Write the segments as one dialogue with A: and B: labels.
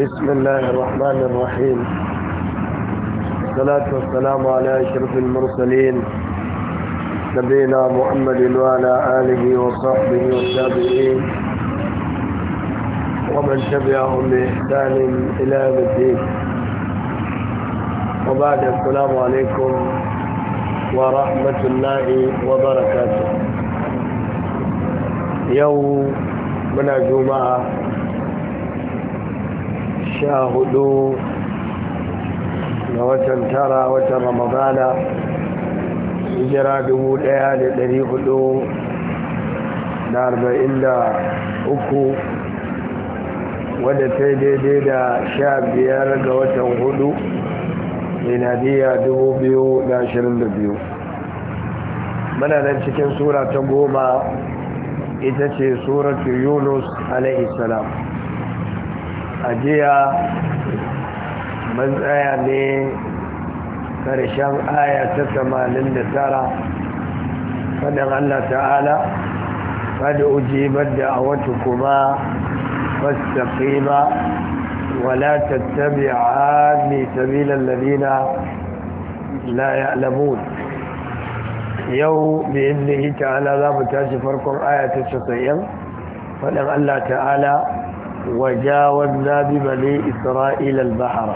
A: بسم الله الرحمن الرحيم الصلاة والسلام على أشرف المرسلين نبينا محمد وعلى آله وصحبه والتابعين ومن تبعهم بإحسان إلى الدين وبعد السلام عليكم ورحمة الله وبركاته يوم من الجمعه sha hudu ga watan tara watan ramadana hijira dubu daya da dari hudu da arba'in da uku wadda ta daidai da sha biyar ga watan hudu miladiya dubu biyu da ashirin da biyu muna nan cikin sura ta goma ita ce suratu yunus alaihi salam ajiya matsaya ne ƙarshen aya ta tamanin da tara faɗin allah ta'ala faɗi ujibar da a wata kuma fastaƙima wala tattabi a ne sabilan lalina la ya'lamun yau bi inda ta'ala za mu tashi farkon aya ta 90 faɗin allah ta'ala وجاوزنا ببني إسرائيل البحر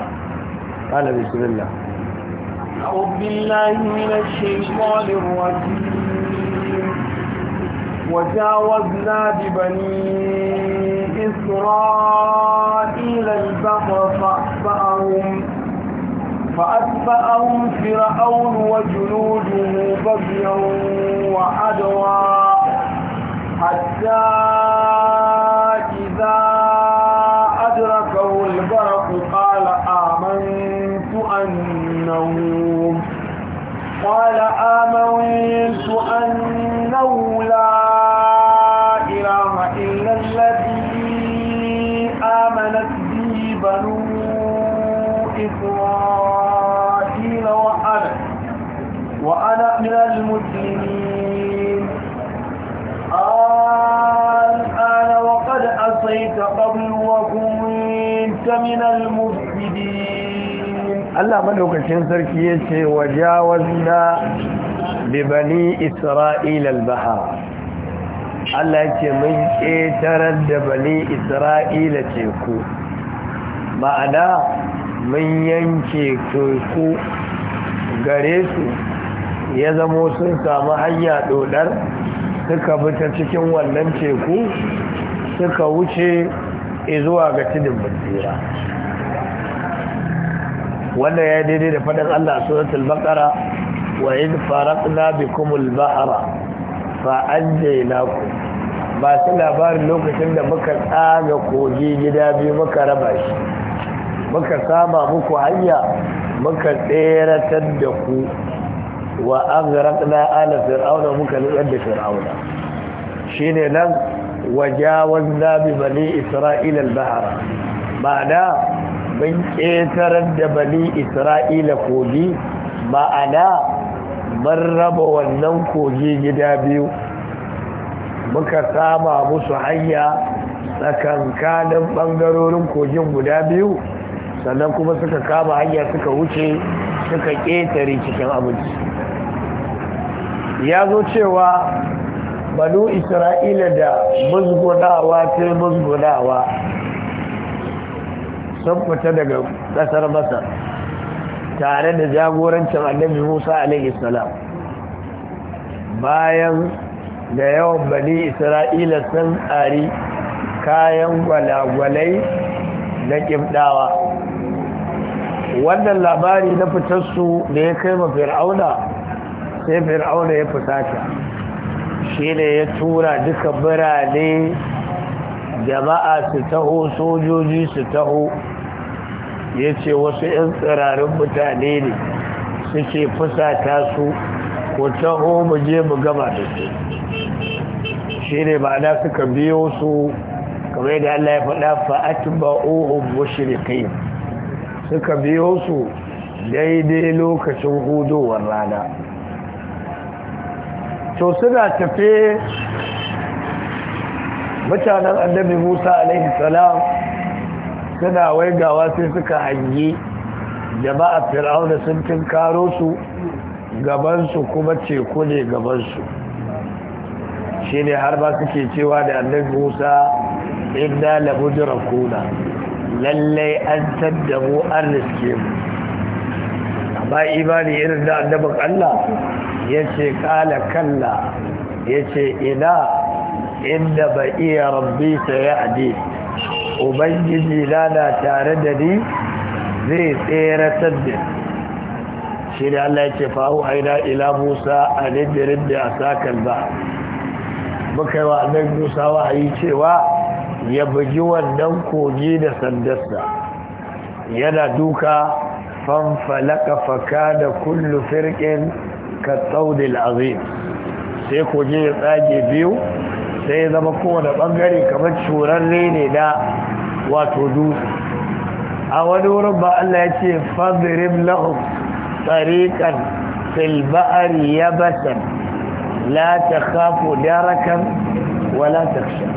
A: قال بسم الله
B: أعوذ بالله من الشيطان الرجيم وجاوزنا ببني إسرائيل البحر فأتبعهم فأتبعهم فرعون وجنوده بغيا وعدوا حتى من المفسدين
A: الله مدوكشين سركي يشي وجاوزنا ببني إسرائيل البحر الله يشي من إترد بني إسرائيل تيكو معنى من ينكي تيكو غريسو ya zamo sun samu hanya dodar suka bi ta cikin wannan teku suka wuce Eh, zuwa ga tudin basira wanda ya daidai da faɗin Allah suratul baqara wa in faraqna bikum al-bahra fa anjaynakum ba su labarin lokacin da muka tsaga kogi gida biyu muka raba shi muka sama muku hanya muka tseratar da ku wa aghraqna ala fir'auna muka nuyar da fir'auna shine nan wajawan zabi bane isra'ila al-bahara ba da bin da bane isra'ila kogi ba a da raba wannan kogi gida biyu muka kama musu hanya tsakankanin ɓangarorin kogin guda biyu sannan kuma suka kama hanya suka wuce suka ƙetare cikin abinci ya zo cewa banu isra'ila da musgunawa ta musgunawa sun fita daga ƙasar masar tare da jagorancin annabi musa alaihissalam bayan da yawan bani isra'ila sun tsari kayan gwalagwalai na kimdawa wannan labari na fitarsu da ya kai ma fir'auna sai fir'auna ya fusata shi ne ya tura duka birane jama'a su taho sojoji su taho ya ce wasu 'yan tsirarin mutane ne suke fusata su ko taho mu je mu gama da su shi ne ma'ana suka biyo su kamar da Allah ya faɗa fa'atun da mashirikai suka biyo su daidai lokacin hudowar rana to suna tafe mutanen annabi musa alaihi salam suna waigawa sai suka hanyi jama'a fir'auna sun tinkaro su gabansu kuma teku ne gabansu shi ne har ba suke cewa da annabi musa inna labudura kuna lallai an taddamu an riske mu amma imani irin da annabin allah ya ce ƙala kalla ya ce ina inda ba iya rabbi ta ya adi ubangiji lana tare da ni zai tsere da shi da Allah ya ce fahu ila musa a nijirin da a sakal ba muka yi wa annan cewa ya bugi wannan kogi da sandarsa yana duka fanfalaka faka da kullu firkin katsaudil azim sai kogin ya tsage biyu sai ya zama kowane bangare kamar curarre ne da wato dutse a wani wurin ba Allah ya ce fadirim lahum tariqan fil ba'ri yabasan la takhafu darakan wala takhsha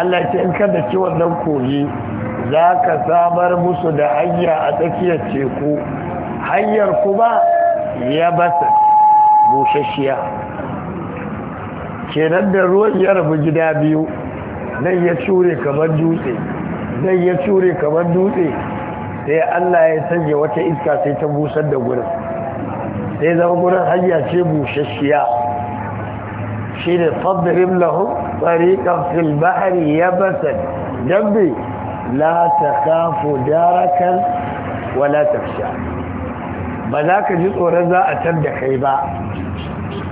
A: Allah ya ce in kada ci wannan kogi za ka samar musu da hanya a tsakiyar teku hanyar kuma ya basa bushashiya kenan da ruwan ya rabu gida biyu nan ya cure kamar dutse nan ya cure kamar dutse sai allah ya sanya wata iska sai ta busar da gurin sai zama gurin hanya ce bushashiya shi ne fadrim lahun tsariƙar filbahari ya basa dambe la ta kafu darakan wala tafsha ba za ka ji tsoron za a can da kai ba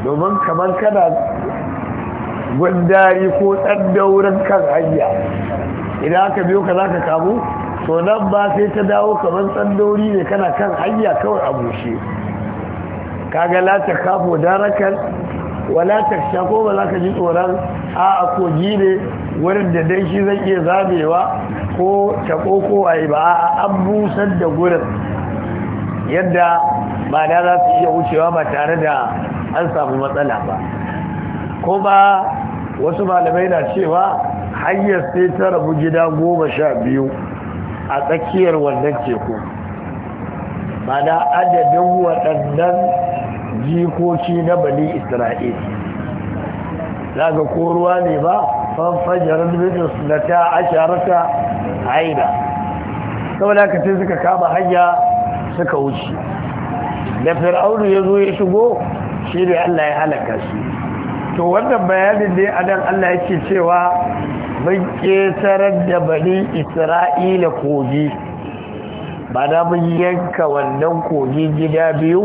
A: domin kamar kana gundari ko ɗan daurin kan hanya idan aka biyo ka za ka kamu to nan ba sai ta dawo kamar ɗan dauri ne kana kan hanya kawai a bushe kaga la ta da rakan wala ta ko ba za ka ji tsoron a a kogi ne wurin da dai shi zai iya zamewa ko ta koko a yi ba a an busar da gurin yadda ma'ana za su iya wucewa ba tare da an samu matsala ba kuma wasu malamai na cewa hanyar sai ta rabu gida goma sha biyu a tsakiyar wannan teku ma'ana adadin waɗannan jikoki na bani Isra'il. za ga ko ne ba fanfajarar minus na ta asharata aina saboda ka ce suka kama hanya suka wuce da fir'aunu ya zo ya shigo shi ne Allah ya halaka shi to wannan bayanin ne a nan Allah yake cewa mun ƙetarar da bani isra'ila kogi ba na mun yanka wannan kogi gida biyu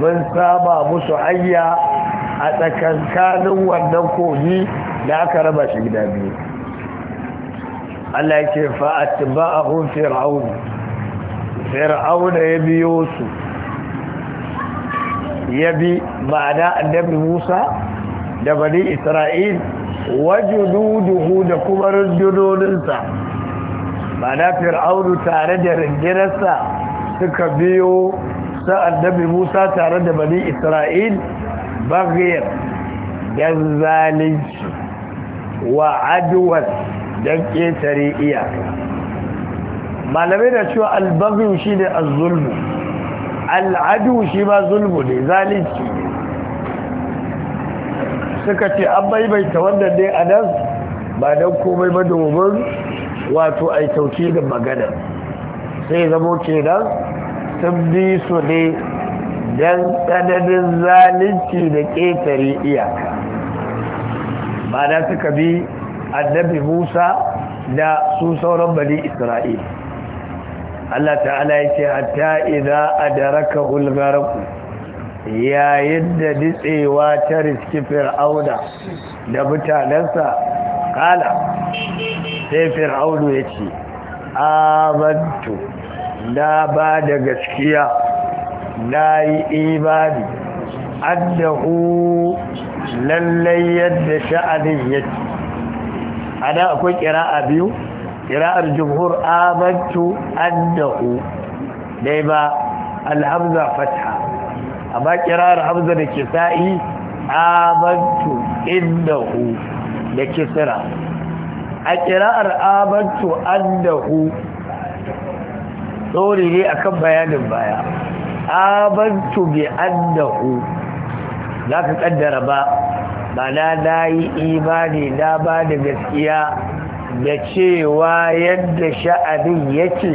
A: mun saba musu ayya a tsakankanin wannan kogi da aka raba shi gida biyu Allah yake fa'atba'ahu fir'aun fir'auna ya biyo su ya bi ma'ana annabi musa da bani isra'il wajududuhu da kuma rundunoninsa ma'ana fir'aunu tare da rundunarsa suka biyo sa annabi musa tare da bani isra'il bagiyar don zalunci wa aduwar don ƙetare iyaka malamai da cewa albagin shi ne azulmu al'adu shi ma zulmu ne zalici. suka ce an maimaita wannan ne a nan ba don komai ba domin wato a yi da magana sai zamo nan sun bi su ne don tsananin zalici da ƙetare iyaka ba na suka bi annabi musa da su sauran bani isra'ila Allah ta'ala ya ce hatta idza adaraka gharq Ya da ditsewa ta riski fir'auna da mutanensa kala sai fir'aunu ya ce amantu na ba da gaskiya na yi imani annahu lallai yadda sha'anin yake ana akwai a biyu kira'ar jumhur amantu annahu dai ba alhamza fatha amma kira'ar hamza da kisa'i amantu innahu da kisra a kira'ar Abantu annahu tsori ne akan bayanin baya amantu bi annahu za ka kaddara ba mana na yi imani na ba da gaskiya da cewa yadda sha'anin yake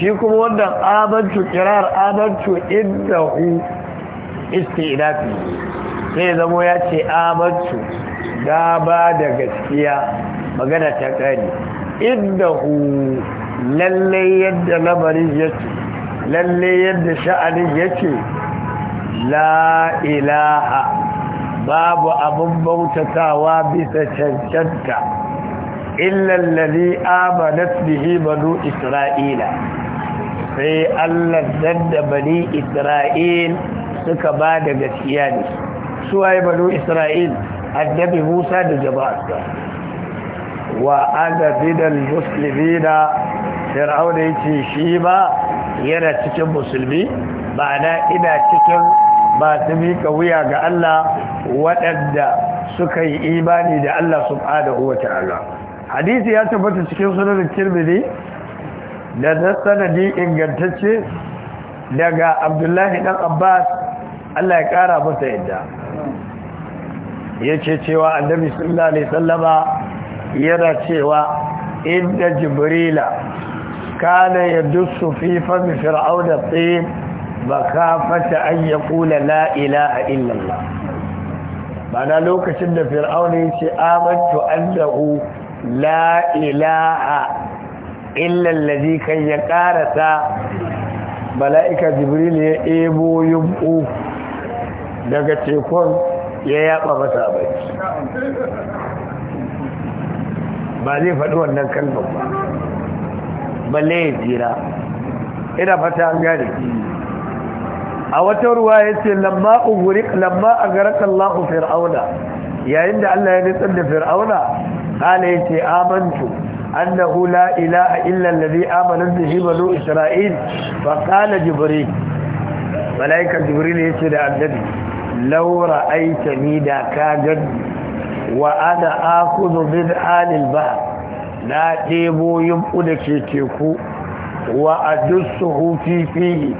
A: shi kuma wannan Abantu kirar Abantu inda hu istidafi sai zamo ya ce Abantu na ba da gaskiya magana ta ƙari inda hu lallai yadda lamarin yake lallai yadda sha'anin yake la ilaha babu abin bautatawa bisa cancanta illallazi amanat bihi banu isra'ila sai Allah dan da bani isra'il suka ba da gaskiya ne su waye banu isra'il annabi Musa da jama'arsa wa adadidal muslimina fir'auna yace shi ba yana cikin musulmi ma'ana ina cikin ba su mika wuya ga Allah waɗanda suka yi imani da Allah da wa ta'ala hadisi ya tabbata cikin sunan kirmini da na sanadi ingantacce daga abdullahi dan abbas Allah ya ƙara mata yadda ce cewa annabi sallallahu alaihi sallama yana cewa inda jibrila kana su fi fami fir'auna tsaye makafata an ya kula la ilaha illallah mana lokacin da fir'auna ya ce amantu annahu la ilaha illallazi kan ya karata mala'ika jibril ya ebo yumbu daga tekun ya yaɓa masa abinci ba zai faɗi wannan kalmar ba balle ya jira ina fata an gane a wata ruwa ya ce lamma a garakan lahu fir'auna yayin da Allah ya nutsar da fir'auna kala ya ce amantu annahu ila a illa allazi amanar da shi banu isra'il ba kala jibril malaikar jibril ya ce da annabi laura aita ni da ka wa ana akudu min ba na ɗebo yin da ke teku wa a dusu hufi fiye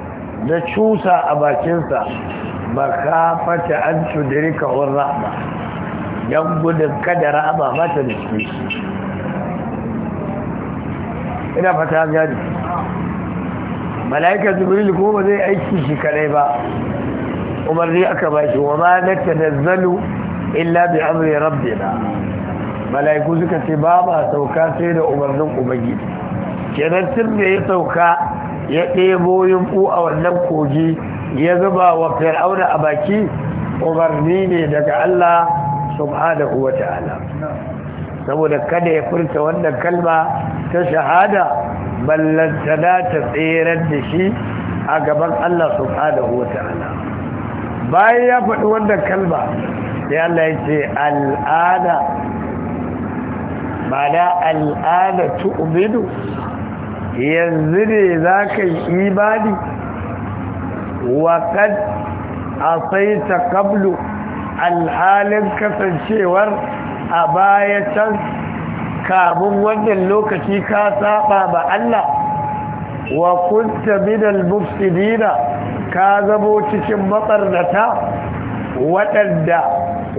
A: da cusa a bakinsa ba ka fata an cudiri kawar ra'aba don gudun kada ra'aba mata da nufi ina fata gani mala'ika jibril kuma zai aiki shi kadai ba umarni aka ba shi wa ma na tanazzalu illa bi amri rabbina mala'iku suka ce ba ma sauka sai da umarnin ubangiji kenan tun da ya sauka ya ɗebo yunfu a wannan kogi ya zuba wa fir'auna a baki umarni ne daga Allah subhanahu wa ta'ala saboda kada ya furta wannan kalma ta shahada ballantana ta tseren da shi a gaban Allah subhanahu wa ta'ala bayan ya faɗi wannan kalma sai Allah ya ce al'ada ma'ana al'ada tu'minu yanzu ne za ka yi imani waƙad a sai ta kablu alhalin kasancewar a baya can, kamun wannan lokaci ka saba ba Allah wa kunta minal mufsidina ka zamo cikin matsarnata waɗanda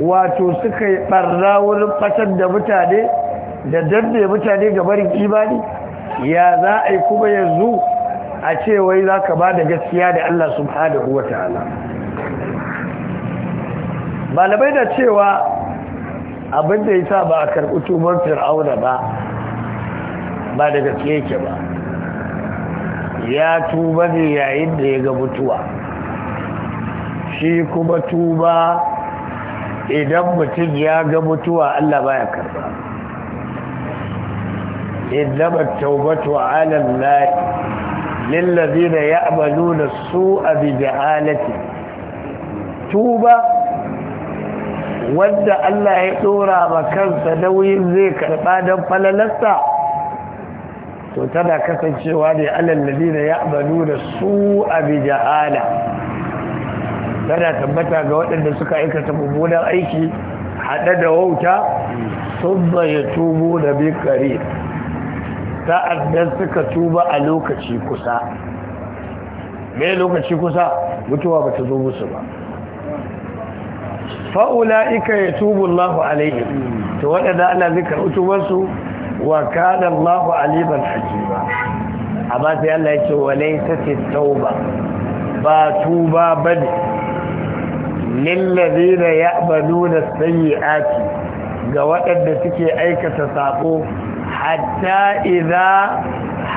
A: wato suka yi ɓarna wurin fatar da mutane da danne mutane ga barin imani ya za a yi kuma yanzu a ce wai za ka ba da gaskiya da Allah subhanahu wa ta'ala malamai da cewa abin da ya sa ba a karɓi tuban fir'auna ba ba da gaskiya yake ba ya tuba ne yayin da ya ga mutuwa shi kuma tuba idan mutum ya ga mutuwa Allah ba ya karɓa إنما التوبة على الله للذين يعملون السوء بجهالة توبة wadda Allah ya dora ma kansa nauyin zai karɓa don falalarsa to tana kasancewa ne alallabi da ya amalu da su abi jahala tana tabbata ga waɗanda suka aikata mummunan aiki haɗe da wauta sun ya tubo da bin Sa'ad sa'adar suka tuba a lokaci kusa mai lokaci kusa mutuwa ba ta zo musu ba fa'ula'ika ya tubu Allahu alaihi ta waɗanda ana zika utubarsu wa kanan Allahu aliban hajiba amma sai Allah ya ce walai ta ce tauba ba tuba ba ne lillazi da ya banu da sayi ga waɗanda suke aikata saƙo hatta idza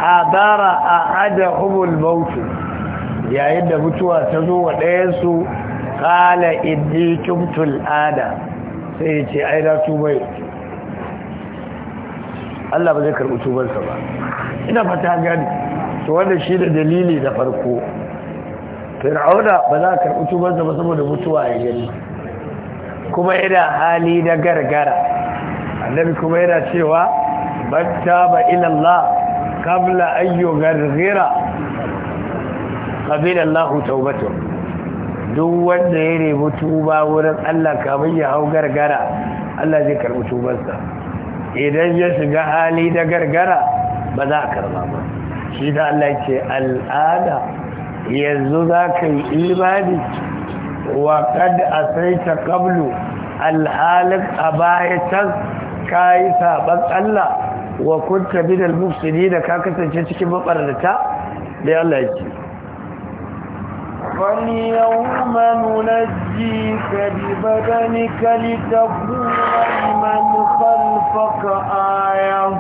A: hadara ahaduhumul maut yayin da mutuwa ta zo wa ɗayan su qala inni tubtu al'ada sai ya ce ai na tuba Allah ba zai karɓi tubarsa ba ina fata gani to wanda shi da dalili da farko fir'auna ba za ka karɓi tubarsa ba saboda mutuwa ya gani kuma yana hali na gargara annabi kuma yana cewa man ba ila Allah qabla an yugharghira qabila Allah tawbatuhu duk wanda ya rebu tuba wurin Allah kamin ya hau gargara Allah zai karbi tubarsa idan ya shiga hali da gargara ba za a karba ba shi da Allah al'ada yanzu za ka yi imani wa kad asaita qablu alhalik a baya can kayi saɓan Allah wa kunta min al-mufsidi da ka kasance cikin mabarrata da Allah ya ji
B: wani yawma nuna ji ka bi bagani ka li ta kuma liman aya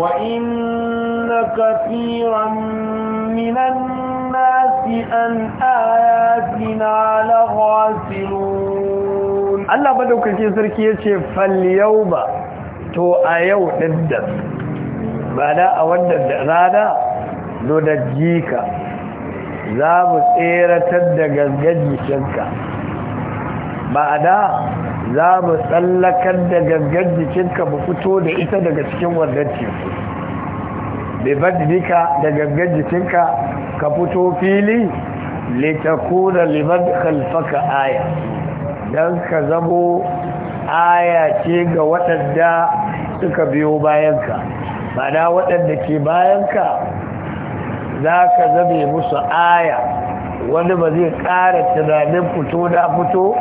B: wa inna kafiran minan nasi an ayati na alaghasirun Allah
A: ba sarki yace ce falliyau to a yau ɗin da bana a wannan rana ka, za mu tseratar da gangan jikinka ma'ana za mu tsallakar da gangan jikinka mu fito da ita daga cikin wannan teku libadnika da gangan jikinka ka fito fili litakuna liman kalfaka aya dan ka zamo aya ce ga waɗanda suka biyo bayanka mana waɗanda ke bayanka za ka zame musu aya wani ba zai ƙara tunanin fito na fito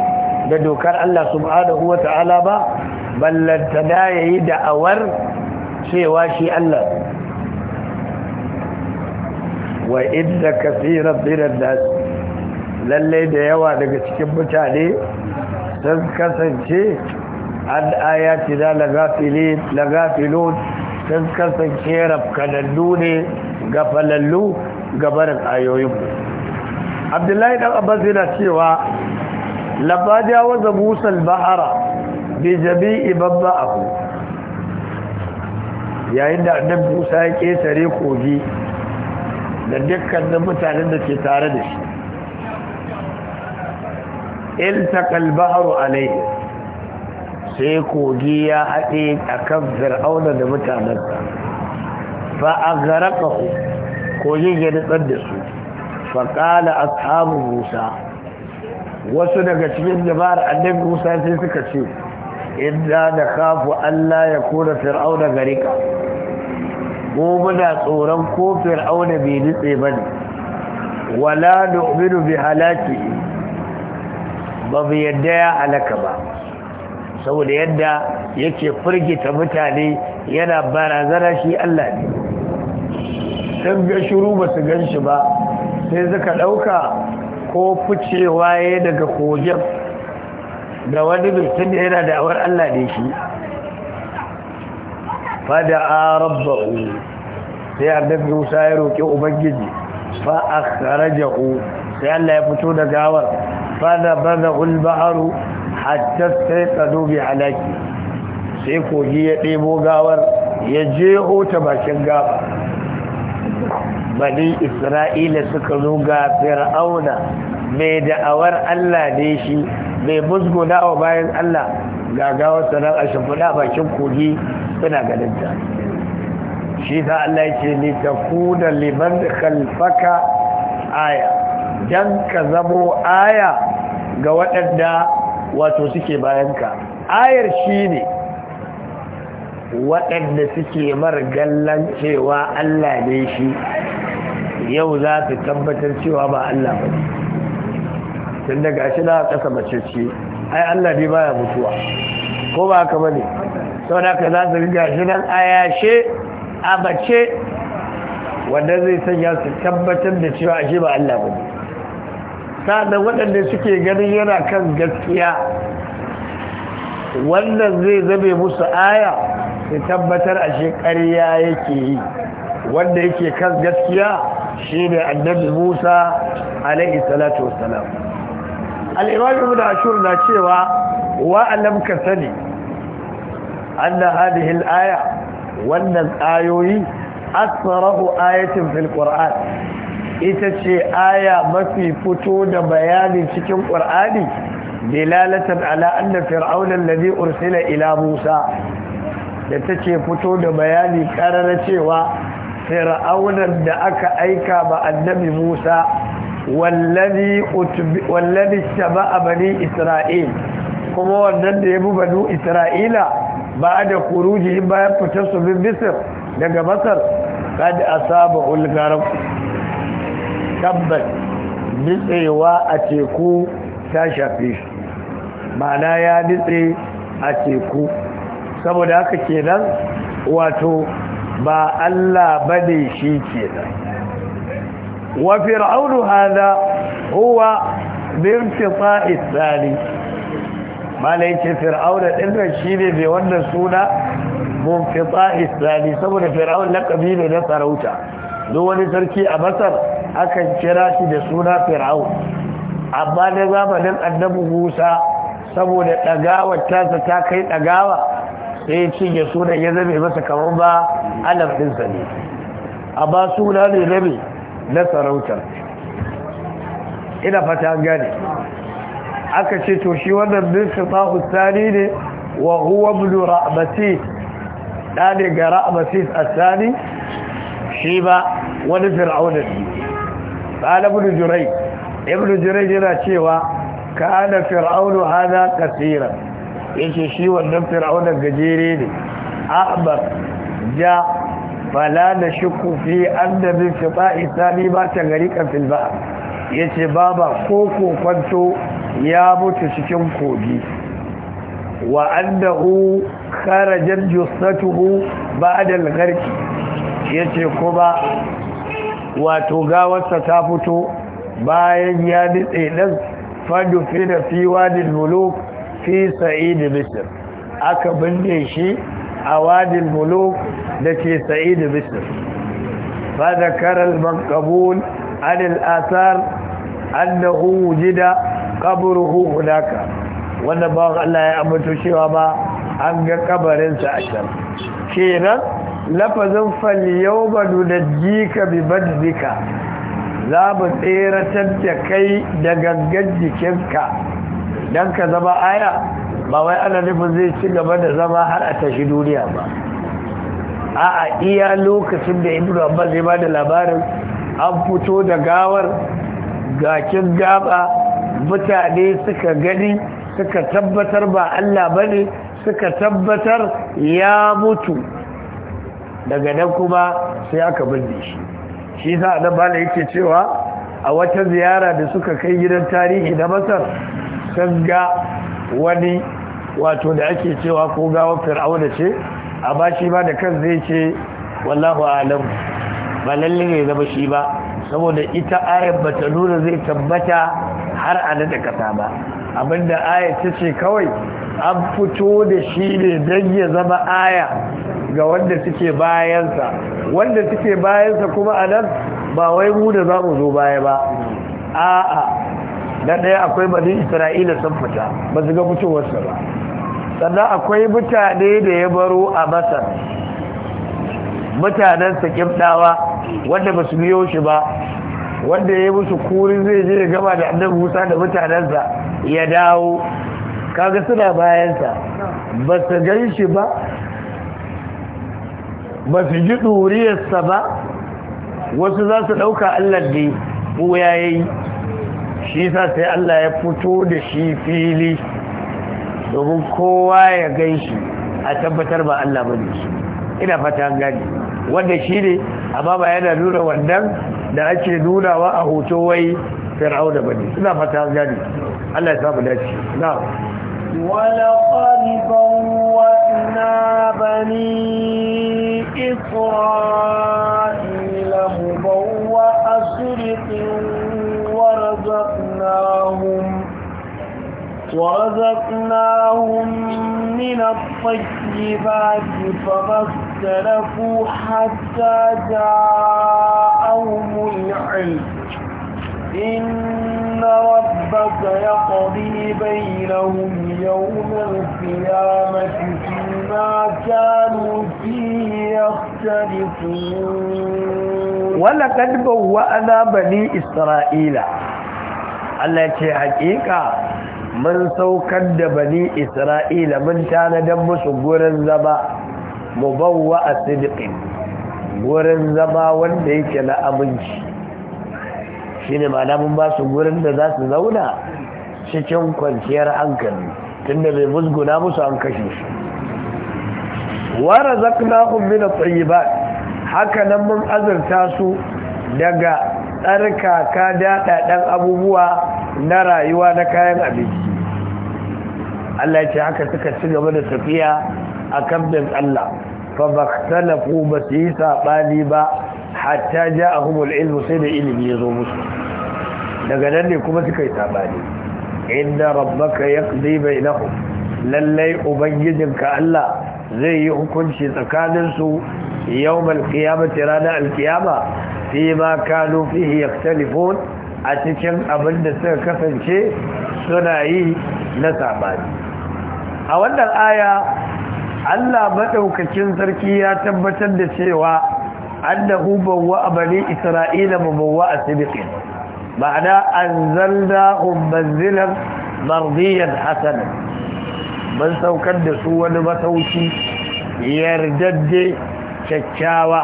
A: da dokar Allah subhanahu wa ta'ala ba ballantana ya yi da'awar cewa shi Allah wa inda kasirar biran nasu lallai da yawa daga cikin mutane sun kasance an ayati da lagafilun sun kasance rafkanannu ne ga falallu ga barin abdullahi dan abbas yana cewa labba jawaza musa al-bahara bi jabi'i babba'ahu yayin da annabi musa ya ketare kogi da dukkanin mutanen da ke tare da shi iltaqa bahru alayhi sai kogi ya haɗe a kan fir'auna da mutanensa fa a garaka kogin ya nutsar da su fa ƙala musa wasu daga cikin jama'ar annabi musa sai suka ce inna da kafu allah ya kura fir'auna ka. mu muna tsoron ko fir'auna bai nutse ba ne wala nu'minu bi halaki ba mu yadda ya alaka ba saboda yadda yake firgita mutane yana barazana shi Allah ne sun ga shuru ba su gan shi ba sai suka ɗauka ko ficewa ya daga kogin da wani mutum da yana da awar Allah ne shi fada a rabba sai annabi musa ya roƙi ubangiji fa a sai Allah ya fito da gawar fada da ulba'aru hatta sai tsado bai halaki sai kogi ya ɗebo gawar ya je hota bakin gaba bali isra'ila suka zo ga fir'auna mai da'awar allah ne shi mai musguna wa bayan allah ga gawar sanar a shimfuna bakin kogi suna ganinta shi ta allah ce ne ta kuna liman kalfaka aya don ka zamo aya ga waɗanda wato suke bayan ka ayar shi ne waɗanda suke margallan cewa Allah ne shi yau za su tabbatar cewa ba Allah ba tun da gashi na ƙasa mace ce ai Allah ne baya mutuwa ko ba ka ba ne sau da ka za su riga shi nan a yashe a mace wanda zai sanya su tabbatar da cewa ashe ba Allah ba ne sadan waɗanda suke ganin yana kan gaskiya wannan zai zame musu aya ya tabbatar a shekariya yake yi wanda yake kan gaskiya shi ne annabi musa alaihi salatu wasalam al'imamu da ashur na cewa wa'alam ka sani an na hadihin aya wannan ayoyi asarahu ayatin filƙur'an. ita ce aya mafi fito da bayani cikin ƙwar'ani dalalatan ala anna fir'auna allazi ursila ila musa da take fito da bayani karara cewa fir'aunan da aka aika ba annabi musa wallazi wallazi taba'a bani isra'il kuma wannan da yabi banu isra'ila ba da kuruji bayan fitar su bin misr daga masar kad asaba ulgaram tabbas nitsewa a teku ta shafe shi ma'ana ya nitse a teku saboda haka kenan wato ba Allah bane shi kenan wa fir'aunu hada huwa birtifa'i tsari malai ce fir'auna ɗinnan shi mai wannan suna mumfita isra'ili saboda fir'aun lakabi ne na sarauta duk wani sarki a masar akan kira shi da suna fir'au amma na zamanin annabi musa saboda ɗagawar tasa ta kai ɗagawa sai ya cinye sunan ya zame masa kamar ba alam ɗinsa ne amma suna ne zame na sarautar ina fata gane aka ce to shi wannan nufin sani ne wa huwa bulu ra'abasi ɗane ga ra'abasi a sani shi ba wani fir'aunar ne قال ابن جريج yana cewa kana fir'aunu hada kaseera yace shi wannan fir'auna gajere ne ahbar ja fala da shuku fi annabi fita isani ba ta gari kan filba yace baba ko ko ya mutu cikin kogi wa annahu kharajat jussatuhu ba'da al-gharq yace kuma wato gawarsa ta fito bayan ya nitse ɗan fadufi da fi wadin muluk fi sa'idu misir aka binne shi a wadin muluk da ke sa'idu misir ba da karar mankabul anil asar jida, wujida kaburuhu hunaka wanda ba Allah ya amince cewa ba an ga kabarinsa a can kenan lafazin faliyau ba ka bi badzika za mu tseratar da kai da gangan jikinka don ka zama aya ba wai ana nufin zai ci gaba da zama har a tashi duniya ba a a iya lokacin da ibn abbas zai ba da labarin an fito da gawar gakin gaba mutane suka gani suka tabbatar ba allah ba ne suka tabbatar ya mutu daga nan kuma sai aka binne shi shi sa annabi bala yake cewa a wata ziyara da suka kai gidan tarihi na masar sun ga wani wato da ake cewa ko gawa fir'auna ce a ba shi ba da kan zai ce wallahu alam ba lalle ne zama shi ba saboda ita ayar bata nuna zai tabbata har a da kasa ba abinda ayar ta ce kawai an fito da shi ne don ya zama aya ga wanda suke bayansa wanda suke bayansa kuma a nan ba wai mu da za mu zo baya ba a'a na ɗaya akwai bani isra'ila sun fita ba su ga mutuwarsa ba sannan akwai mutane da ya baro a masar mutanen sakimdawa wanda ba su biyo shi ba wanda ya yi musu kurin zai je ya gama da annabi musa da mutanensa ya dawo kaga suna bayansa ba su gan shi ba ba su ji ɗuriyarsa ba wasu za su ɗauka allah da ɓuya ya yi shi sa sai allah ya fito da shi fili domin kowa ya gan shi a tabbatar ba allah ba ne shi ina fata gani wanda shi ne amma ba yana nuna wannan da ake nunawa a hoto wai fir'auna da ne ina fata gani allah ya samu dace na'am
B: ولقد بوأنا بني إسرائيل مبوء أسرق ورزقناهم ورزقناهم من الطيبات فما اختلفوا حتى جاءهم العلم إن ربك يقضي بينهم يوم القيامة ما كانوا فيه يختلفون
A: ولقد بوأنا بني إسرائيل التي حقيقة من سوكد بني إسرائيل من كان دم سجور الزبا مبوأ صدق gurin zama wanda yake na aminci shi ne mun ba su gurin da za su zauna cikin kwanciyar hankali tunda bai musguna musu an kashe shi wa razaqnahum min tsaye ba haka nan mun azurta su daga ka daɗaɗen abubuwa na rayuwa na kayan abinci Allah ce haka suka ci gaba da tafiya a kamfin Allah fa ku ba su yi saɓani ba hatta ja a humul ilmu sai da ilimi ya zo musu daga nan ne kuma suka yi saɓani inda rabbaka ya bai na lallai ubangijinka Allah zai yi hukunci tsakaninsu yau malkiyamata ranar alkiyama fi ma kanu fihi ya telefon a cikin abin da suka kasance suna yi na sabani a wannan aya allah maɗaukacin sarki ya tabbatar da cewa annahu a bani isra'ila a asbiqin ma'ana anzalnahum manzilan mardiyan hasanan ban saukar da su wani matauki yardadde kyakkyawa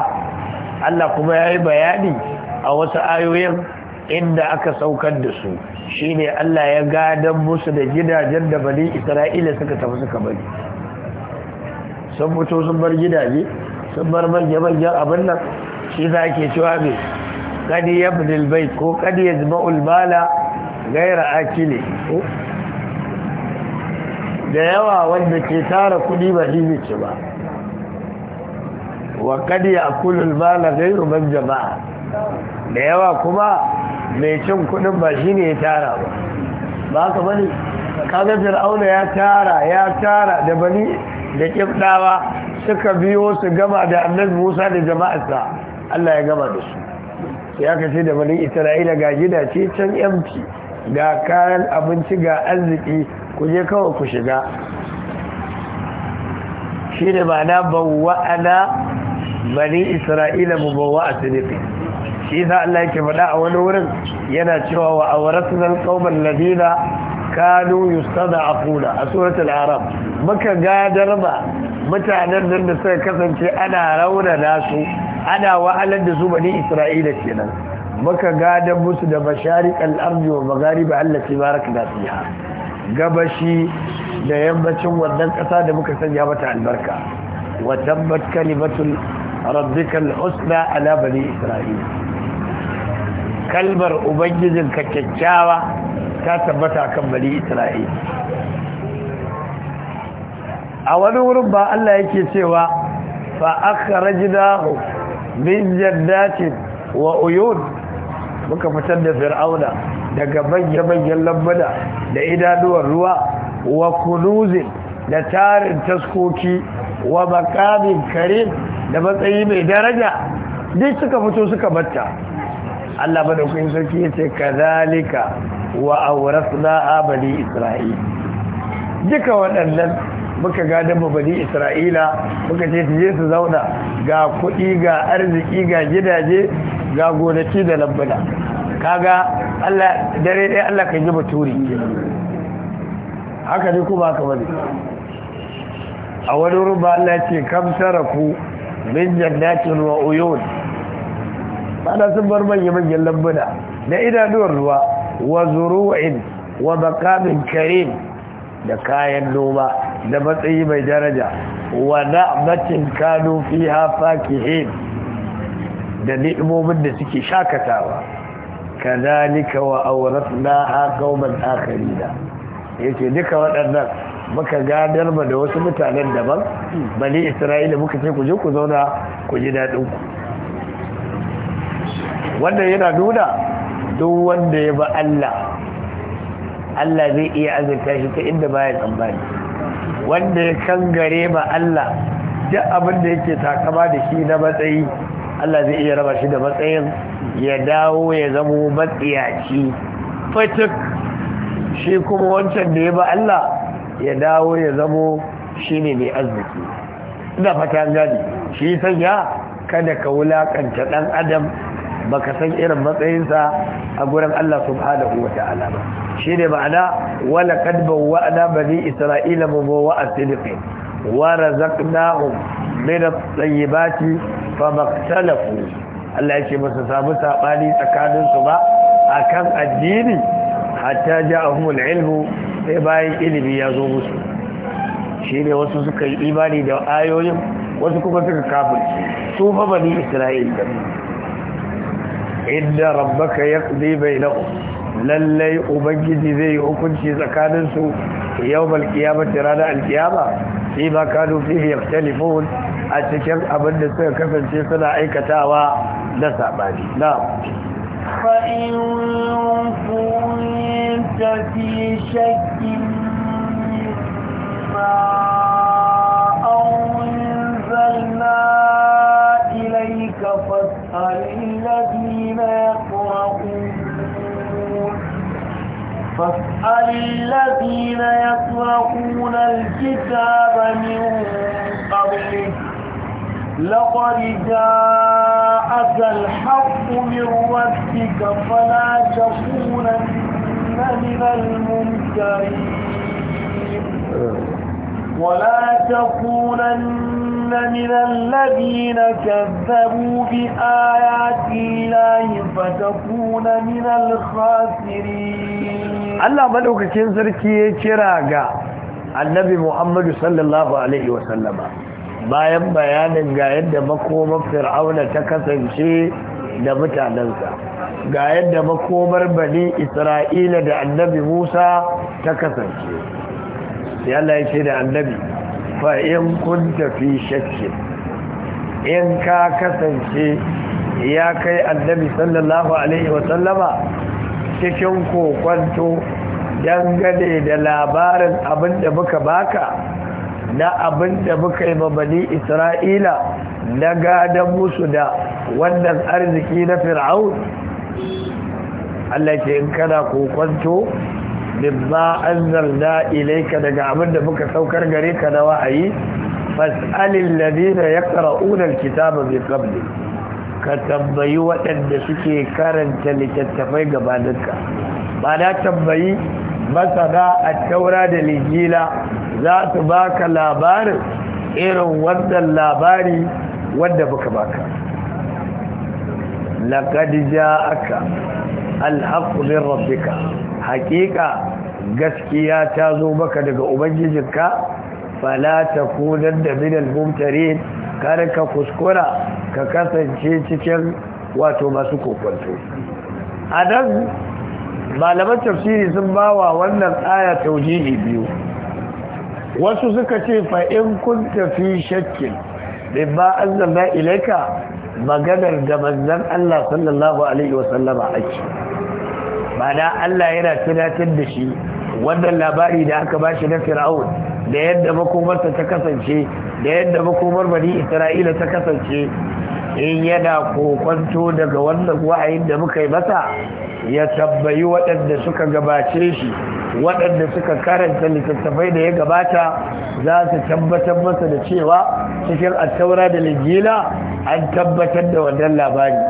A: Allah kuma ya yi bayani a wasu ayoyin inda aka saukar da su shine Allah ya gadan musu da gidajen da bani Isra'ila suka tafi suka bari sun fito sun bar gidaje sun bar manya-manyan abin nan shi za ke cewa mai kadi ya ko kadi ya zama gaira akili da yawa wanda ke tara kudi ba shi ba wa kadi a kulul mala gairu ban jama'a da yawa kuma mai cin kudin ba shi ne ya tara ba ba ka bani kaga fir'auna ya tara ya tara da bani da kimdawa suka biyo su gama da annabi Musa da jama'arsa Allah ya gama da su ya kashe da bani Isra'ila ga gidace can yamci ga kayan abinci ga arziki ku je kawai ku shiga shi ne ba na bawa bani isra'ila mu bawa sinifi shi za Allah yake faɗa a wani wurin yana cewa wa awarasunan kauman ladina kanu yustada afuna a suratul arab muka gadar ba mutanen nan da suka kasance ana raunana su ana wahalar da su bani isra'ila kenan muka gadar musu da masharik al'arji wa magariba allati baraka fiha gabashi da yammacin wannan ƙasa da muka sanya mata albarka wa tabbat kalimatul rabbikal husna ala bani isra'il kalmar ubangijin ka kyakkyawa ta tabbata kan bani isra'il a wani wurin ba Allah yake cewa fa akhrajnahu min jannatin wa uyun muka fitar da fir'auna daga bayyan manyan lambuna da idanuwar ruwa wa kunuzin da tarin taskoki wa makamin karim da matsayi mai daraja duk suka fito suka batta Allah kun sarki ya ce kazalika wa awrasna bani isra'ila. duka waɗannan muka gadan bani isra'ila muka ce su je su zauna ga kuɗi ga arziki ga gidaje ga gonaki da lambuna kaga Allah dare dai Allah kan yi baturi haka ne kuma haka bane a wani ruba Allah ya ce kam ku min jannatin wa uyun bana sun bar manyan manyan lambuna na idanuwar ruwa wa zuru'in wa baqabin karim da kayan noma da matsayi mai daraja wa na'matin kanu fiha fakihin da ni'imomin da suke shakatawa kadhalika wa awratnaha qauman akharina yace duka waɗannan muka gadar ba da wasu mutanen daban bani isra'ila muka ce ku je ku zauna ku ji daɗin ku wannan yana nuna duk wanda ya ba Allah Allah zai iya azurta shi ta inda baya tsammani wanda ya kangare ba Allah duk abin da yake takama da shi na matsayi Allah zai iya raba shi da matsayin ya dawo ya zamo matsiyaci fatik shi kuma wancan da ya ba Allah ya dawo ya zamo shi ne mai arziki ina fata gani shi sanya kada ka wulakanta ɗan adam baka san irin matsayinsa a gurin Allah subhanahu wa ta'ala ba shi ne ma'ana wala kad bawwa'na bani isra'ila mubawwa'a sidqin wa razaqnahum min at-tayyibati famakhtalafu Allah ya ce ba su samu saɓani tsakaninsu ba a kan addini hatta ja ahumul ilmu sai bayan ilimi ya zo musu shi ne wasu suka yi imani da ayoyin wasu kuma suka kafirce su fa bani isra'il da inda rabbaka bai bainahum lallai ubangiji zai yi hukunci tsakaninsu yawmal qiyamati ranar alqiyama sai ba kanu fihi yaktalifun a cikin abin da suka kasance suna aikatawa na saɓani na
B: fa'in kunta tafi shakkin ma anzalna ilayka fas'alil ladina yaqra'un فاسأل الذين يطلقون الكتاب من قبلك لقد جاءك الحق من ربك فلا تكونن من الممترين ولا تكونن من الذين كذبوا بآيات الله فتكون من الخاسرين
A: الله ملوك كنزر كي يتراغ النبي محمد صلى الله عليه وسلم bayan bayanin ga yadda makomar fir'auna ta kasance da mutanensa ga yadda makomar bani isra'ila da annabi musa ta kasance yalla ya ce da annabi fa'in kun tafi shakki in ka kasance ya kai annabi sallallahu alaihi wasallama cikin kokwanto dangane da labarin abin da muka baka na abin da muka yi mabani isra'ila na gadon musu da wannan arziki na fir'aun Allah ce in kana kokwanto bimma anzalna ilaika daga abin da muka saukar gare ka na wa'ayi fas'alil ladina yaqra'una alkitaba mai qabli ka tambayi waɗanda suke karanta littattafai gabaninka ba na tambayi masara a taura da ligila za su baka labarin irin wannan labari wadda baka baka laqad aka alhaqqu min rabbika gaskiya ta zo maka daga ubangijinka fala takunanna min almumtarin kar ka kuskura ka kasance cikin wato masu A anan malaman tafsiri sun bawa wannan aya taujihi biyu wasu suka ce fa in kun tafi shakkin mimma anzalna ilaika maganar da manzan Allah sallallahu alaihi wasallama ake mana Allah yana tunatar da shi wannan labari da aka bashi na Fir'aun da yadda makomarsa ta kasance da yadda makomar bani Isra'ila ta kasance in yana kokonto daga wannan wa'ayin da muka yi masa ya tabbayi waɗanda suka gabace shi waɗanda suka karanta littattafai da ya gabata za su tabbatar masa da cewa cikin attaura da ligila an tabbatar da wannan labari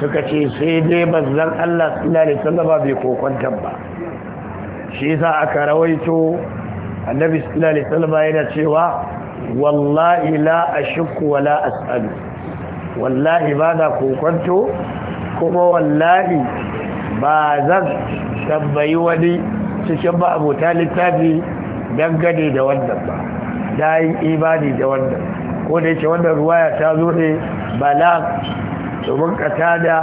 A: suka ce sai dai manzon Allah sallallahu da wasallam bai kokwantar ba shi yasa aka rawaito annabi sallallahu da wasallam yana cewa wallahi la ashku wala as'alu wallahi ba na kokonto kuma wallahi ba zan tambayi wani cikin ba abota littafi dangane da wannan ba da yin imani da wannan ko da yake wannan ruwaya ta zo ne balag domin katada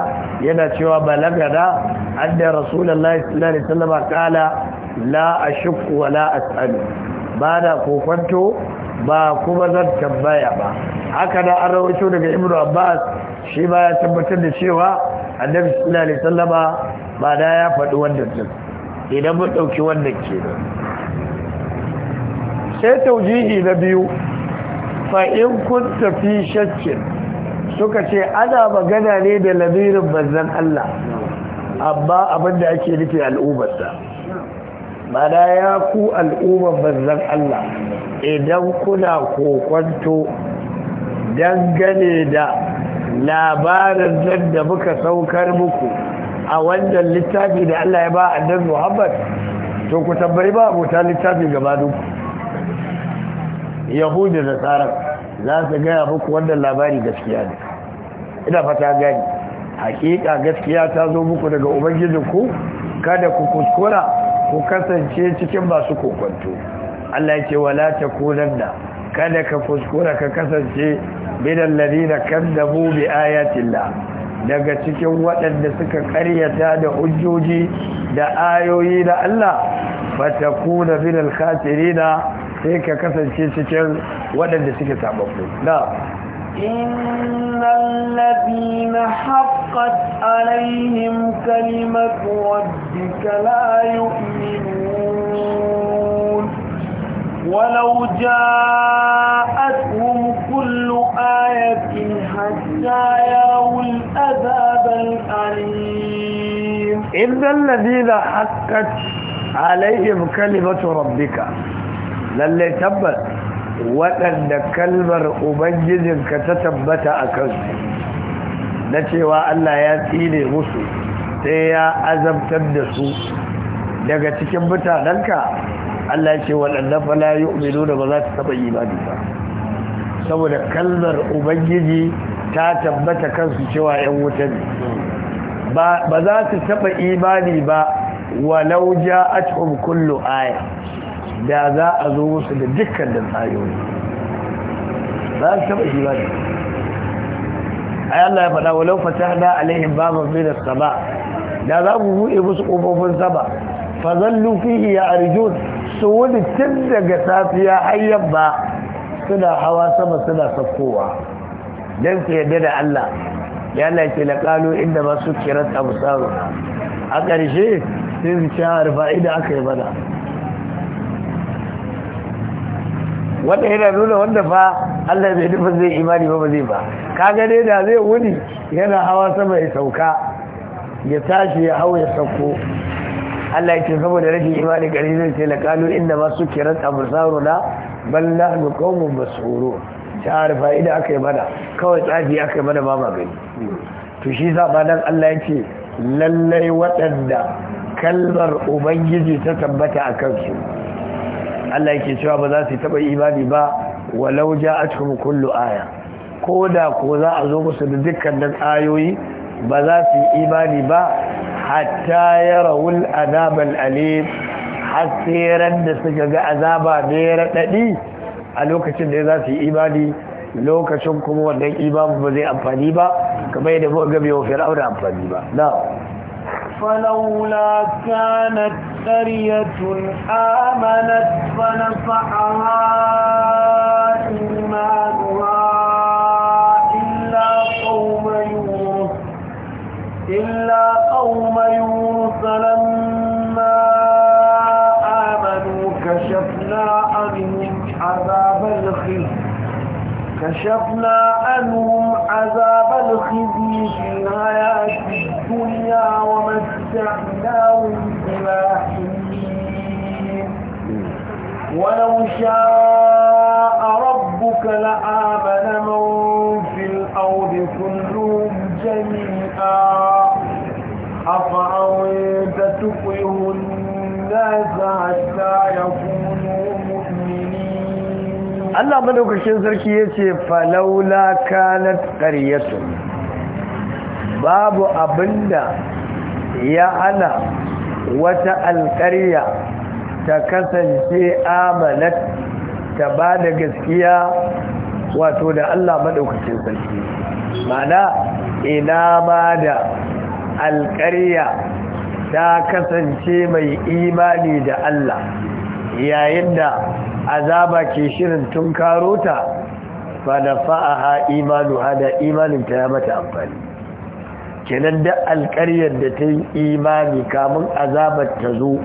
A: yana cewa balagana an da rasulallah sallallahu alaihi wasallam kala la ashku wa la as'alu ba na kokonto ba kuma zan tambaya ba haka da an rawaito daga ibnu abbas shi ba ya tabbatar da cewa annabi sallallahu alaihi wasallam ba da ya faɗi wannan din idan mun ɗauki wannan ke sai taujihi na biyu fa in kun tafi shakkin suka ce ana magana ne da lamirin manzon Allah amma abin da ake nufi al'ummarsa mana ya ku al'ummar manzan Allah idan kuna kokwanto dangane da labarin nan da muka saukar muku a wannan littafi da Allah ya ba a nan Muhammad to ku tambayi ba abota littafi duk yahudu da tsarar za su gaya muku wannan labari gaskiya ne ina fata gani hakika gaskiya ta zo muku daga ku? kada ku kuskura ku kasance cikin masu kokonto Allah yake wala da kada ka kuskura ka kasance bidan ladina kaddabu bi ayatillah daga cikin waɗanda suka ƙaryata da hujjoji da ayoyi da Allah ta kuna binan khasirina sai ka kasance cikin waɗanda suke sababbu na
B: إن الذين حقت عليهم كلمة ربك لا يؤمنون ولو جاءتهم كل آية حتى يروا الأذاب الأليم
A: إن الذين حقت عليهم كلمة ربك للي تبت waɗanda kalmar ka ta tabbata a kansu na cewa Allah ya tsine musu sai ya azabtar da su daga cikin mutanenka Allah ce waɗanda fala yi yu'minu da ba za su taɓa imani ba saboda kalmar ubangiji ta tabbata kansu cewa 'yan wuta ne ba za su taɓa imani ba walau cikin kullu aya da za a zo musu da dukkan da tsayoyi za su taba shi ba ne ai Allah ya faɗa walau fatahna alaihim baban sama da za mu buɗe musu kofofin sama fa zallu fihi ya'rijun su wani tun daga safiya har yamma suna hawa sama suna sakkowa dan su yarda da Allah ya Allah ce la qalu inda ma sukirat absaruna a ƙarshe sai su ci harfa idan aka yi mana wanda yana nuna wanda fa Allah bai nufa zai imani ba ba zai ba Ka gane da zai wuni yana hawa sama ya sauka ya tashi ya hau ya sauko Allah yake saboda rashin imani gari zai ce la qalu inna ma sukirat absaruna bal nahnu qaumun mas'urun sha'ar fa'ida akai mana kawai tsafi akai mana ba ma gani to shi zaba dan Allah yake lallai waɗanda kalmar ubangiji ta tabbata a kansu Allah yake cewa ba za su taba imani ba walau cikin kullu aya ko da ko za a zo musu da dukkanin ayoyi ba za su imani ba hatta yarawul azabal alim hasiran da suka ga azaba ne radadi a lokacin da za su imani lokacin kuma wannan imani ba zai amfani ba kamar yadda muka ga bai wa fir'auna amfani ba na'am
B: فلولا كانت قرية آمنت فنفعها إيمانها إلا قوم يوسف إلا قوم يوسف لما آمنوا كشفنا عنهم عذاب الخزي كشفنا ولو شاء ربك لآمن من في الأرض كلهم جميعا أفعرت تكره الناس حتى يكونوا
A: Allah madaukakin sarki ya ce, na kanat ƙaryatu, babu abinda ya hana wata alƙarya. ta kasance amanat ta ba da gaskiya wato da Allah maɗaukacin sarki mana ina ma da alƙarya ta kasance mai imani da Allah yayin da azaba ke shirin tun karo ta ba da fa'aha imanu hada imaninta ya mata amfani kenan da alƙaryar da ta yi imani kamun azabar ta zo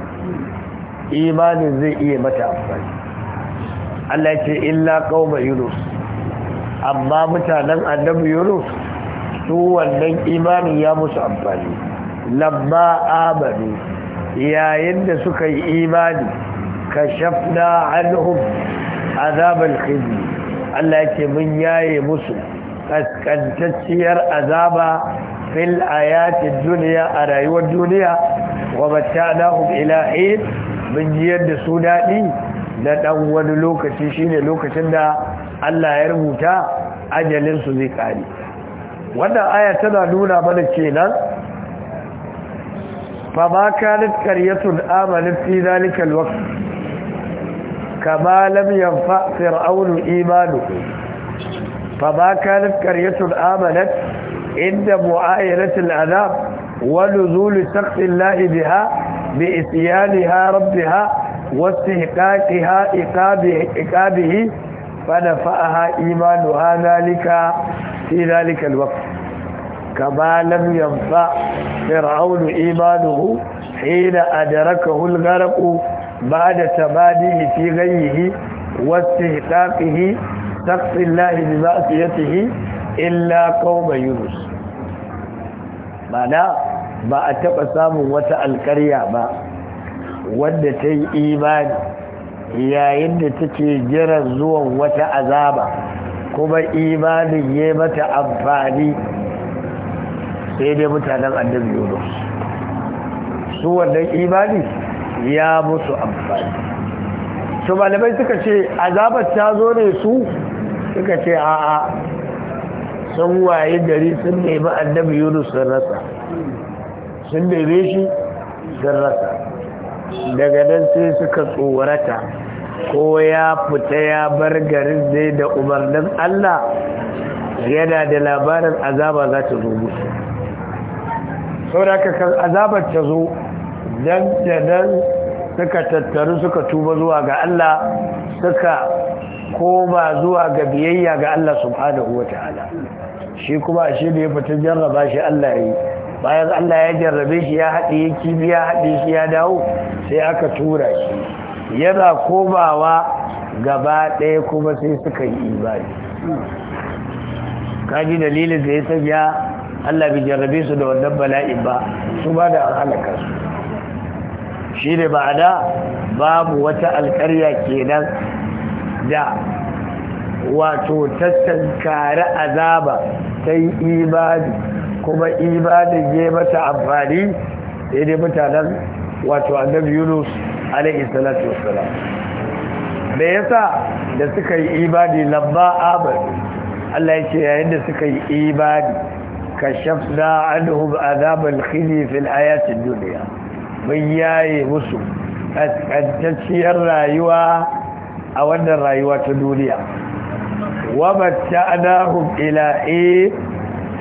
A: imanin zai iya mata amfani Allah ce illa kauma yunus amma mutanen annabi yunus su wannan imanin ya musu amfani lamma amanu yayin da suka yi imani kashafna anhum azabal khizi Allah ce mun yaye musu kaskantacciyar azaba fil duniya a rayuwar duniya wa mata'nahum ila hin mun ji yadda su daɗi na ɗan wani lokaci shine lokacin da Allah ya rubuta ajalinsu zai ƙare wannan aya tana nuna mana kenan fa ma kanat qaryatun amanat fi zalika alwaqt kama lam yanfa fir'aunu Imanu. fa ma kanat qaryatun amanat inda mu'ayyarat al'adab wa nuzul saqfi Allah biha بإتيانها ربها واستحقاقها إقابه فنفعها إيمانها ذلك في ذلك الوقت كما لم ينفع فرعون إيمانه حين أدركه الغرق بعد تباديه في غيه واستحقاقه سقط الله بمعصيته إلا قوم يونس معناه ba a taɓa samun wata alƙarya ba wadda ta yi imani yayin da take jiran zuwan wata azaba kuma imanin ya mata amfani sai dai mutanen annabi yunus su wannan imani ya musu amfani su malamai suka ce azabar ta zo ne su suka ce a'a sun waye gari sun nemi annabi yunus sun rasa sun bebe shi sun rasa daga nan sai suka tsorata ko ya fita ya bar garin zai da umarnin Allah yana da labarin azaba za ta zo musu da aka kan azabar ta zo nan da nan suka tattaru suka tuba zuwa ga Allah suka koma zuwa ga biyayya ga Allah subhanahu wa ta'ala shi kuma ashe da ya fita jarraba shi Allah ya yi bayan Allah ya jarrabe shi ya haɗe kibi ya haɗe shi ya dawo sai aka tura shi yana komawa gaba ɗaya kuma sai suka yi ibadi kaji dalilin da ya sanya Allah bai jarrabe su da wannan bala'in ba su ba da halaka su shi ne ma'ana babu wata alƙarya kenan da wato tattankare azaba ta yi imani kuma imanin ya mata amfani da ne mutanen wato annabi yunus alaihi salatu wassalam me sa da suka yi imani lamba amanu Allah ya ce yayin da suka yi imani kashafna anhum azabal khizyi fil hayatid duniya? mun yaye musu kantacciyar rayuwa a wannan rayuwa ta duniya wa matta'nahum ila eh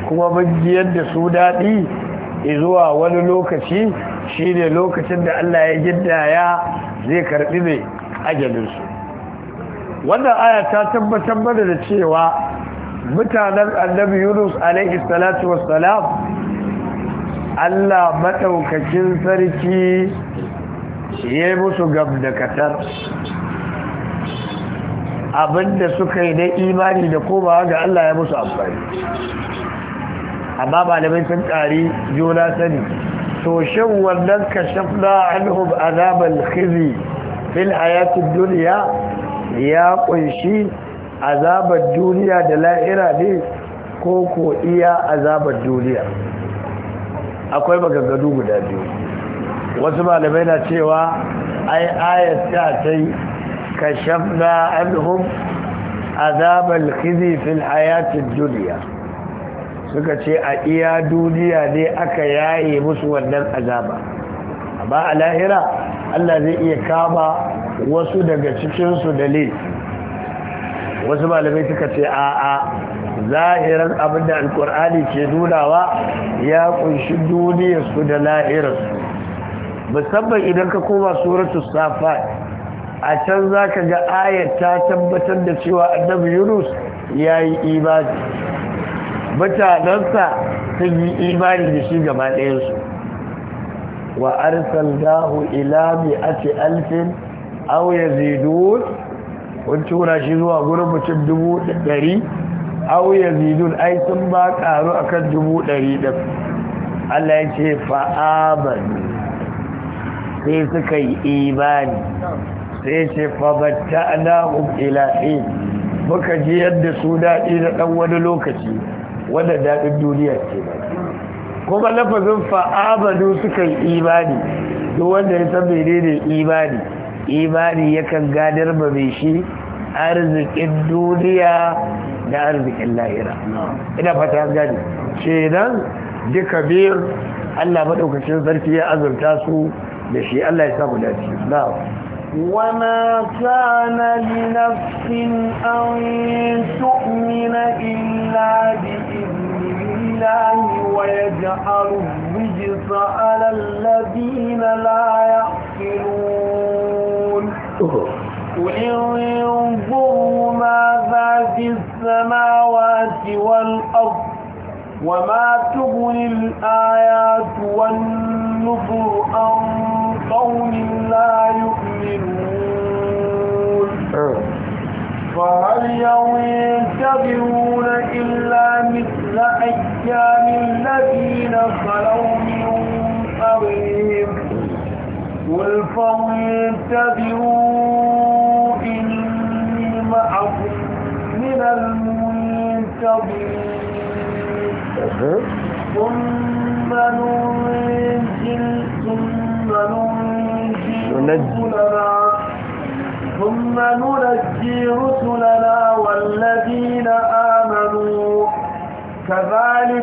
A: kuma mun da su daɗi zuwa wani lokaci shi ne lokacin da Allah ya gindaya zai karɓi mai ajalinsu wannan aya ta tabbatar mana da cewa mutanen annabi yunus alaihi salatu wassalam Allah maɗaukakin sarki ya yi musu gam da katar abinda suka yi na imani da komawa ga Allah ya musu amfani amma malamai sun ƙari juna sani to shan wannan kashafna anhum azabal khizi fil hayatid ya kunshi azabar duniya da la'ira ne ko ko iya azabar duniya akwai maganganu guda biyu wasu malamai na cewa ai ayat ta tai kashafna anhum kizi khizi fil hayatid suka ce a iya duniya ne aka yaye musu wannan azaba amma a lahira Allah zai iya kama wasu daga cikinsu da wasu malamai suka ce a a zahirar abinda alkur'ani ke nunawa ya kunshi duniyarsu da lahirarsu musamman idan ka koma suratul Safa, a can za ka ga ayat ta tabbatar da cewa annabi yunus ya yi imani mutanensa sun yi imani da shi gaba ɗayansu wa arsalnahu a ce alfin aw yazidun kun tura shi zuwa gurin mutum dubu ɗari aw zidun ai sun ba ƙaru akan dubu ɗari ɗin Allah ya ce fa'aban sai suka yi imani sai ce fabatta na ila'in. muka ji yadda su daɗi na ɗan wani lokaci wannan daɗin duniya ce kuma lafazin fa'abadu suka yi imani duk wanda ya san menene imani imani yakan gadar ba mai shi arzikin duniya da arzikin lahira ina fata gani ce nan duka biyar allah maɗaukacin sarki ya azurta su da shi allah ya samu dace na'am وما
B: كان لنفس أن تؤمن إلا بإذن الله ويجعل الرجس على الذين لا
A: يعقلون
B: قل انظروا ماذا في السماوات والأرض وما تغني الآيات والنفر أن قوم لا يؤمنون أه. فهل ينتظرون إلا مثل أيام الذين خلوا من قبلهم قل فانتظروا إني معكم من المنتظرين أه. ثم ننزل ثم ننزل Lajji na na, na, wanne na amano? Ka bali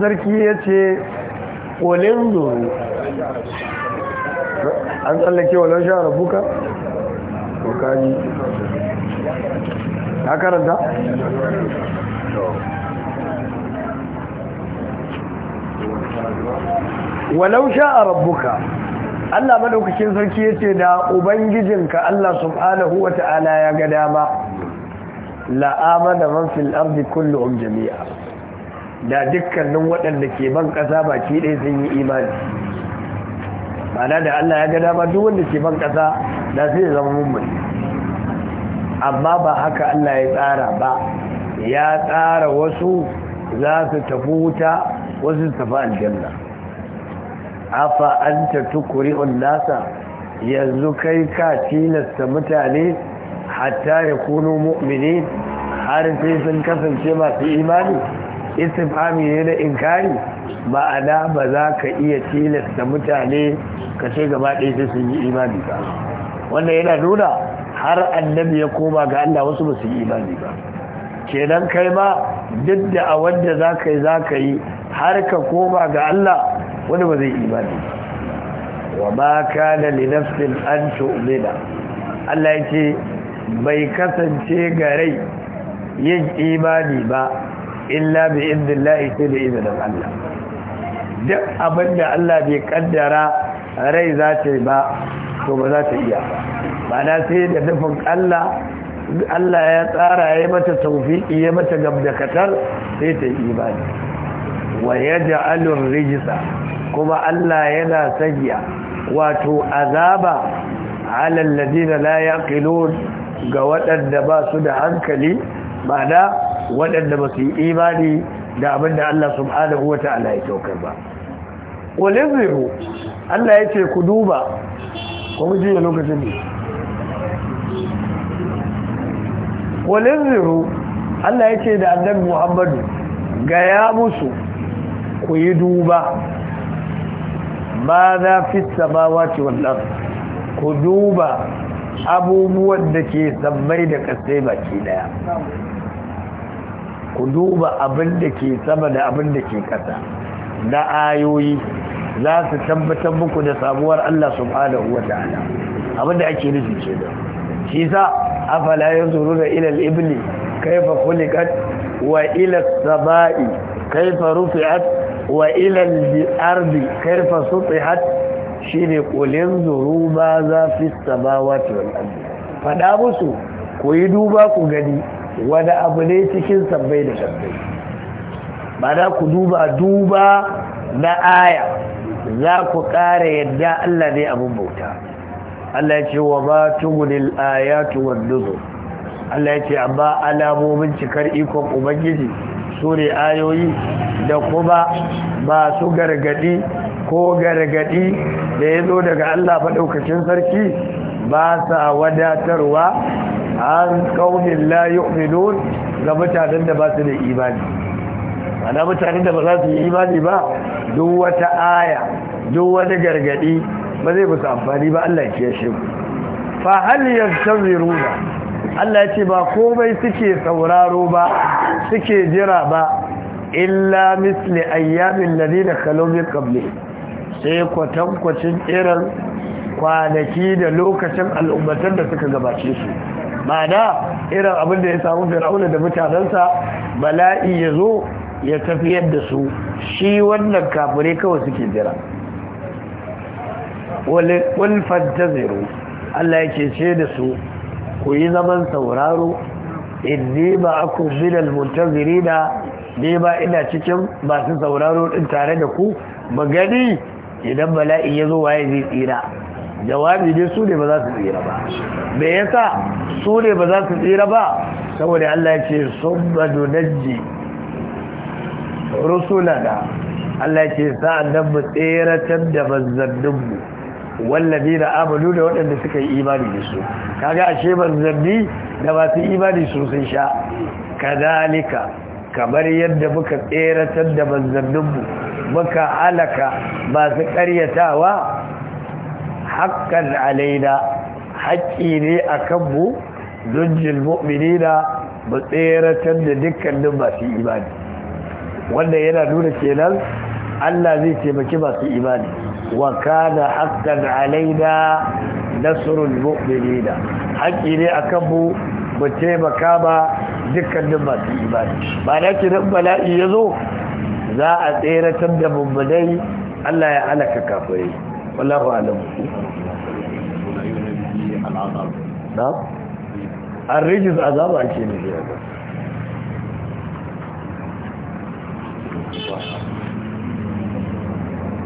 A: Sarki ya ce "Ƙolin zoro" an tsallake wajen share buka, kuka ni ta karanta? walau sha'a rabbuka Allah madaukakin sarki yace da ubangijinka Allah subhanahu wata'ala ya ga dama la amana man fil ardi kulluhum jami'a da dukkanin waɗanda ke ban ƙasa baki ɗaya sun yi imani ma'ana da Allah ya ga dama duk wanda ke ban ƙasa da sai ya zama mummuni amma ba haka Allah ya tsara ba ya tsara wasu za su tafi wuta wasu tafi aljanna afa an ta tukuri nasa yanzu kai ka tilasta mutane hatta ya kuno mu'mini har sai sun kasance masu imani istifami ne na inkari ma'ana ba za ka iya tilasta mutane ka ce gaba ɗaya sai sun yi imani ba wannan yana nuna har annabi ya koma ga Allah wasu ba su yi imani ba kenan kai ma duk da a wanda za ka yi za ka yi har ka koma ga Allah wani ba zai imani wa ma ka da linafsin an tu'mina Allah ya ce bai kasance ga rai yin imani ba illa bi idnillahi sai da izinin Allah duk abin da Allah bai kaddara rai za ta yi ba to ba za ta iya ba ba na sai da nufin Allah Allah ya tsara ya mata taufiki ya mata gabdakatar sai ta imani wa yaj'alur rijsa kuma Allah yana sanya wato azaba ala alladina la yaqilun ga waɗanda ba su da hankali ma'ana waɗanda ba su yi imani da abinda Allah subhanahu wata'ala ya saukar ba qul Allah ya ce ku duba kuma ji lokacin ne walin ziru Allah ya ce da annabi Muhammadu gaya musu ku yi duba ma za fi samawa ce wannan ku duba abubuwan da ke sammai da kasai baki daya ku duba abin da ke sama da abin da ke kasa na ayoyi za su tabbatar muku da sabuwar Allah subhanahu wa ta'ala abin da ake nufi ce da shi sa afala yanzuruna ila al-ibli kayfa khuliqat wa ila as-saba'i kayfa rufi'at wa ilal al-ardi kayfa sutihat shine qulin zuru ma za fi as-samawati wal ardi musu ku yi duba ku gani wani abu ne cikin sabbai da sabbai ba ku duba duba na aya za ku ƙara yadda Allah ne abin bauta Allah ya ce wa ba tumulil ayatu wan Allah ya ce amma alamomin cikar ikon ubangiji sure ayoyi da kuma masu gargadi ko gargadi da ya zo daga Allah faɗaukacin sarki ba sa wadatarwa an kaunin la yu'minun ga mutanen da ba su da imani ana mutanen da ba za su yi imani ba duk wata aya duk wani gargadi ba zai musu amfani ba Allah ya shi fa hal yantaziruna Allah ya ce ba komai suke sauraro ba suke jira ba illa misli ayyamin ladina khalu qabli sai kwatankwacin irin kwanaki da lokacin al'ummatan da suka gabace su ma'ana irin abin da ya samu fir'auna da mutanensa bala'i ya zo ya tafiyar da su shi wannan kafirai kawai suke jira wal fantaziru Allah yake ce da su ku yi zaman sauraro inni ba aku minal muntazirina ne ba ina cikin masu sauraro din tare da ku magani idan bala'i ya zo waye zai tsira jawabi dai su ne ba za su tsira ba me yasa su ne ba za su tsira ba saboda Allah ya ce summa dunajji rusulana Allah ya ce sa'an nan mu tseratar da manzanninmu wallabi da amalu da waɗanda suka yi imani da su kaga ashe manzanni da masu imani sosai sha kadalika kamar yadda muka tseratar da manzanninmu muka halaka masu karyatawa haƙƙan alaina haƙƙi ne a kanmu zunjil na mu tseratar da dukkanin masu imani wanda yana nuna kenan Allah zai taimaki masu imani وكان حقا علينا نصر المؤمنين حقي لي أكبو متيمة كاما دكا نمت إيمان ما لكن أما لا إيضو ذا أتيرة تبدا من مني ألا يعلك كافرين والله أعلم نعم الرجز عذاب أكيد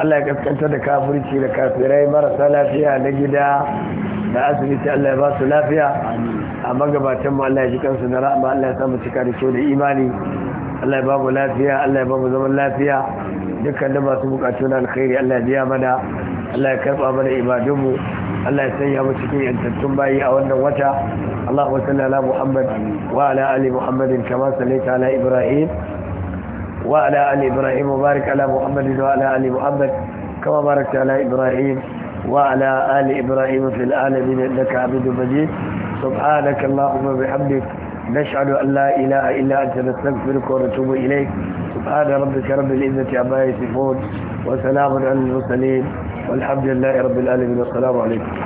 A: Allah ya kaskanta da kafirci da kafirai marasa lafiya na gida da asibiti Allah ya ba su lafiya a magabatan mu Allah ya ji kansu da rahama Allah ya samu cika da kyau da imani Allah ya ba mu lafiya Allah ya ba mu zaman lafiya dukkan da masu bukatu na alkhairi Allah ya biya mana Allah ya karba mana ibadunmu Allah ya sanya mu cikin yantattun bayi a wannan wata Allahumma salli ala Muhammad wa ala ali Muhammadin kama sallaita ala Ibrahim وعلى آل إبراهيم وبارك على محمد وعلى آل محمد كما باركت على إبراهيم وعلى آل إبراهيم في العالمين إنك عبد مجيد سبحانك اللهم وبحمدك نشهد أن لا إله إلا أنت نستغفرك ونتوب إليك سبحان ربك رب العزة عما يصفون وسلام على المرسلين والحمد لله رب العالمين والسلام
B: عليكم